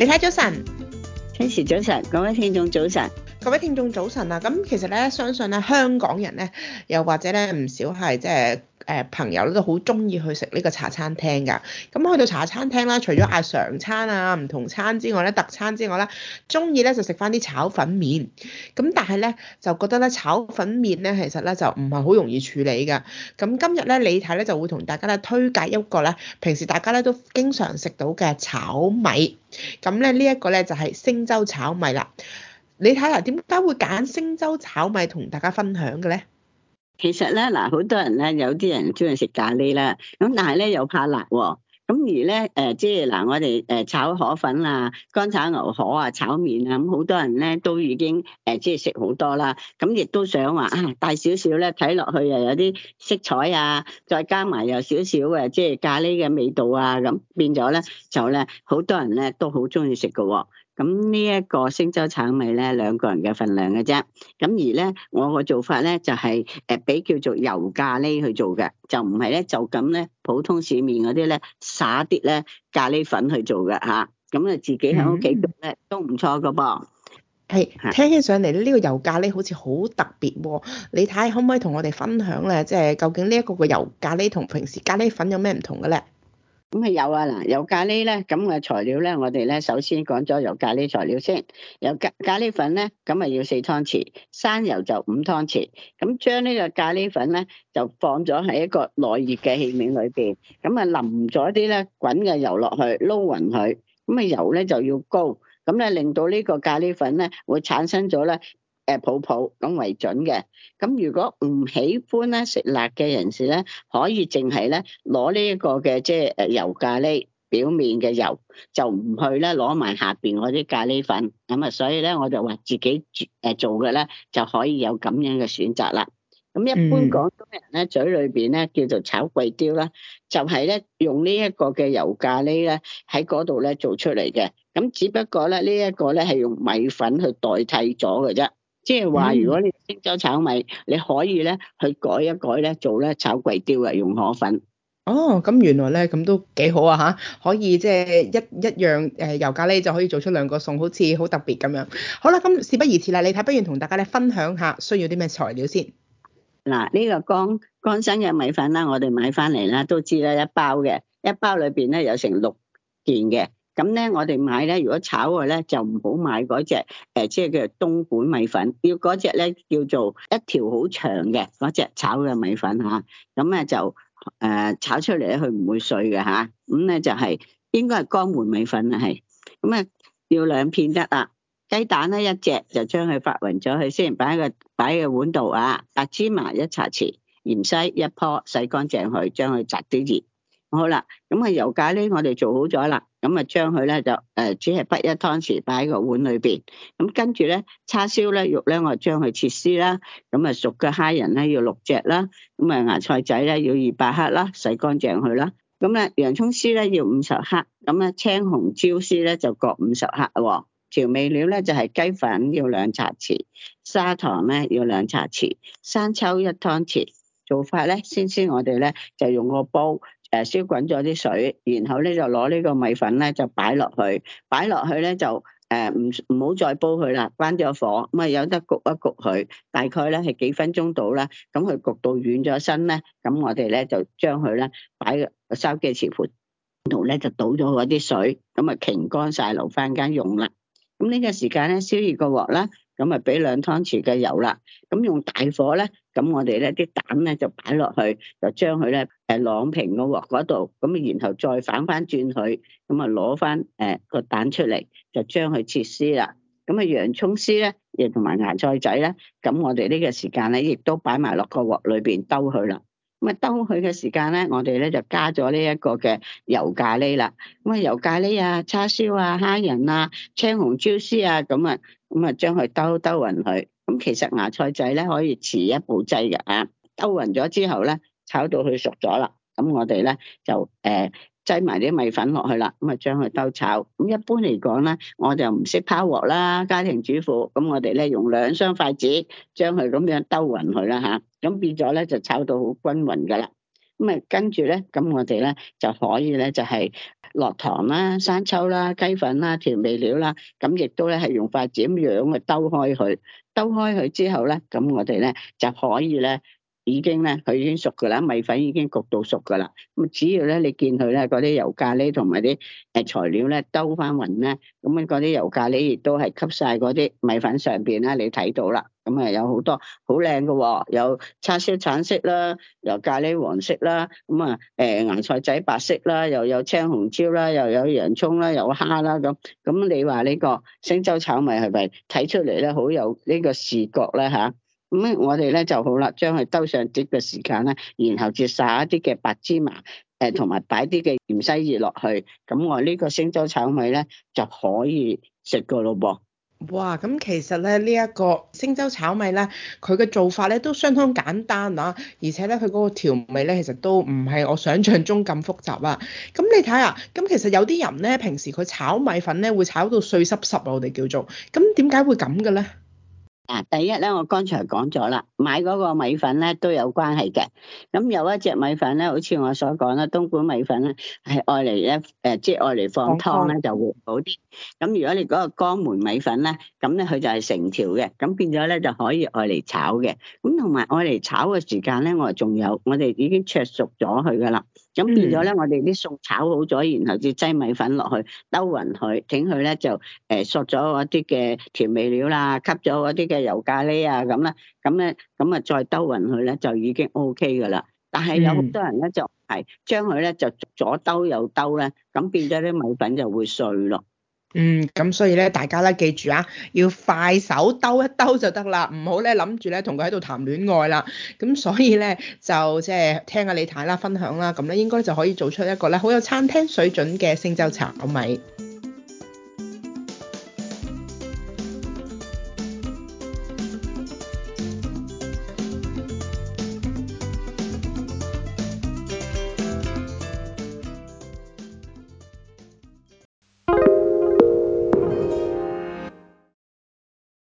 你睇早晨，女士早晨，各位聽眾早晨，各位聽眾早晨啊！咁其實呢，相信呢，香港人呢，又或者呢，唔少係即、就係誒朋友咧都好中意去食呢個茶餐廳㗎，咁去到茶餐廳啦，除咗嗌常餐啊、唔同餐之外咧，特餐之外咧，中意咧就食返啲炒粉麵，咁但係咧就覺得咧炒粉麵咧其實咧就唔係好容易處理㗎，咁今日咧你睇咧就會同大家咧推介一個咧，平時大家咧都經常食到嘅炒米，咁咧呢一個咧就係、是、星洲炒米啦，你睇下點解會揀星洲炒米同大家分享嘅咧？其實咧嗱，好多人咧，有啲人中意食咖喱啦，咁但係咧又怕辣喎、喔，咁而咧誒、呃，即係嗱，我哋誒炒河粉啊、乾炒牛河啊、炒麵啊，咁好多人咧都已經誒、呃、即係食好多啦，咁亦都想話啊大少少咧，睇落去又有啲色彩啊，再加埋有少少嘅即係咖喱嘅味道啊，咁變咗咧就咧好多人咧都好中意食嘅喎。咁呢一個星洲炒米咧，兩個人嘅份量嘅啫。咁而咧，我個做法咧就係誒俾叫做油咖喱去做嘅，就唔係咧就咁咧普通市面嗰啲咧撒啲咧咖喱粉去做嘅吓，咁啊自己喺屋企咧都唔錯嘅噃。係、嗯、是聽起上嚟呢個油咖喱好似好特別喎、哦。你睇可唔可以同我哋分享咧？即、就、係、是、究竟呢一個個油咖喱同平時咖喱粉有咩唔同嘅咧？咁啊有啊嗱，有咖喱咧，咁嘅材料咧，我哋咧首先講咗有咖喱材料先，有咖咖喱粉咧，咁啊要四湯匙，生油就五湯匙，咁將呢個咖喱粉咧就放咗喺一個耐熱嘅器皿裏邊，咁啊淋咗啲咧滾嘅油落去，撈勻佢，咁啊油咧就要高，咁咧令到呢個咖喱粉咧會產生咗咧。誒泡泡咁為準嘅，咁如果唔喜歡咧食辣嘅人士咧，可以淨係咧攞呢一個嘅即係誒油咖喱表面嘅油，就唔去咧攞埋下邊嗰啲咖喱粉，咁啊所以咧我就話自己誒做嘅咧就可以有咁樣嘅選擇啦。咁一般廣東人咧嘴裏邊咧叫做炒貴刁啦，就係咧用呢一個嘅油咖喱咧喺嗰度咧做出嚟嘅，咁只不過咧呢一個咧係用米粉去代替咗嘅啫。即係話如果你識咗炒米，嗯、你可以咧去改一改咧，做咧炒貴刁嘅，用河粉。哦，咁原來咧咁都幾好啊吓，可以即係一一樣誒油咖喱就可以做出兩個餸，好似好特別咁樣。好啦，咁事不宜遲啦，你睇，不如同大家咧分享下需要啲咩材料先。嗱，呢、這個乾乾身嘅米粉啦，我哋買翻嚟啦，都知啦，一包嘅，一包裏邊咧有成六件嘅。咁咧，我哋買咧，如果炒嘅咧，就唔好買嗰隻，誒、呃，即係叫做東莞米粉，要嗰隻咧叫做一條好長嘅，嗰隻炒嘅米粉嚇。咁、啊、咧就誒、呃、炒出嚟咧，佢唔會碎嘅嚇。咁、啊、咧就係、是、應該係江門米粉係。咁啊，要兩片得啦。雞蛋咧一隻，就將佢發勻咗佢先，擺喺個擺喺個碗度啊。白芝麻一茶匙，芫茜一棵，洗乾淨佢，將佢摘啲熱。好啦，咁啊油架、呃、呢，呢，我哋做好咗啦，咁啊將佢咧就誒只係一湯匙擺喺個碗裏邊，咁跟住咧叉燒咧肉咧我將佢切絲啦，咁啊熟嘅蝦仁咧要六隻啦，咁啊芽菜仔咧要二百克啦，洗乾淨佢啦，咁咧洋蔥絲咧要五十克，咁咧青紅椒絲咧就各五十克喎，調味料咧就係、是、雞粉要兩茶匙，砂糖咧要兩茶匙，生抽一湯匙，做法咧先先我哋咧就用個煲。誒，燒滾咗啲水，然後咧就攞呢個米粉咧就擺落去，擺落去咧就誒唔唔好再煲佢啦，關咗火，咁啊有得焗一焗佢，大概咧係幾分鐘到啦，咁佢焗到軟咗身咧，咁我哋咧就將佢咧擺喺個筲箕前盤度咧就倒咗嗰啲水，咁啊擎乾晒爐翻間用啦，咁呢個時間咧燒熱個鑊咧。咁啊，俾兩湯匙嘅油啦，咁用大火咧，咁我哋咧啲蛋咧就擺落去，就將佢咧誒晾平個鑊嗰度，咁然後再反翻轉佢，咁啊攞翻誒個蛋出嚟，就將佢切絲啦，咁啊洋葱絲咧，亦同埋芽菜仔咧，咁我哋呢個時間咧，亦都擺埋落個鑊裏邊兜佢啦。咁啊，兜佢嘅時間咧，我哋咧就加咗呢一個嘅油咖喱啦。咁啊，油咖喱啊，叉燒啊，蝦仁啊，青紅椒絲啊，咁啊，咁啊，將佢兜兜勻佢。咁其實芽菜仔咧可以遲一步制嘅啊。兜勻咗之後咧，炒到佢熟咗啦。咁我哋咧就誒。欸擠埋啲米粉落去啦，咁啊將佢兜炒。咁一般嚟講咧，我就唔識拋鑊啦，家庭主婦。咁我哋咧用兩雙筷子將佢咁樣兜勻佢啦吓。咁變咗咧就炒到好均勻噶啦。咁啊跟住咧，咁我哋咧就可以咧就係落糖啦、生抽啦、雞粉啦、調味料啦。咁亦都咧係用筷子咁樣去兜開佢，兜開佢之後咧，咁我哋咧就可以咧。已經咧，佢已經熟噶啦，米粉已經焗到熟噶啦。咁啊，只要咧你見佢咧嗰啲油咖喱同埋啲誒材料咧兜翻勻咧，咁啊嗰啲油咖喱亦都係吸晒嗰啲米粉上邊啦。你睇到啦，咁啊有好多好靚嘅，有叉燒橙色啦，有咖喱黃色啦，咁啊誒芽菜仔白色啦，又有青紅椒啦，又有洋葱啦，有蝦啦咁。咁你話呢個星洲炒米粉係咪睇出嚟咧好有呢個視覺咧嚇？咁我哋咧就好啦，將佢兜上碟嘅時間咧，然後再撒一啲嘅白芝麻，誒同埋擺啲嘅芫茜葉落去，咁我呢個星洲炒米咧就可以食噶咯噃。哇！咁其實咧呢一、這個星洲炒米咧，佢嘅做法咧都相當簡單啊，而且咧佢嗰個調味咧其實都唔係我想象中咁複雜啊。咁你睇下、啊，咁其實有啲人咧平時佢炒米粉咧會炒到碎濕濕、啊，我哋叫做，咁點解會咁嘅咧？啊，第一咧，我剛才講咗啦，買嗰個米粉咧都有關係嘅。咁有一隻米粉咧，好似我所講啦，東莞米粉咧係愛嚟一誒，即係愛嚟放湯咧就會好啲。咁如果你嗰個江門米粉咧，咁咧佢就係成條嘅，咁變咗咧就可以愛嚟炒嘅。咁同埋愛嚟炒嘅時間咧，我仲有，我哋已經灼熟咗佢噶啦。咁、嗯、變咗咧，我哋啲餸炒好咗，然後再擠米粉落去，兜勻佢，整佢咧就誒嗦咗嗰啲嘅調味料啦，吸咗嗰啲嘅油咖喱啊咁啦，咁咧咁啊再兜勻佢咧就已經 OK 㗎啦。但係有好多人咧就係將佢咧就左兜右兜咧，咁變咗啲米粉就會碎咯。嗯，咁所以咧，大家咧，記住啊，要快手兜一兜就得啦，唔好咧諗住咧同佢喺度談戀愛啦。咁所以咧，就即係聽下李太啦分享啦，咁咧應該就可以做出一個咧好有餐廳水準嘅星洲炒米。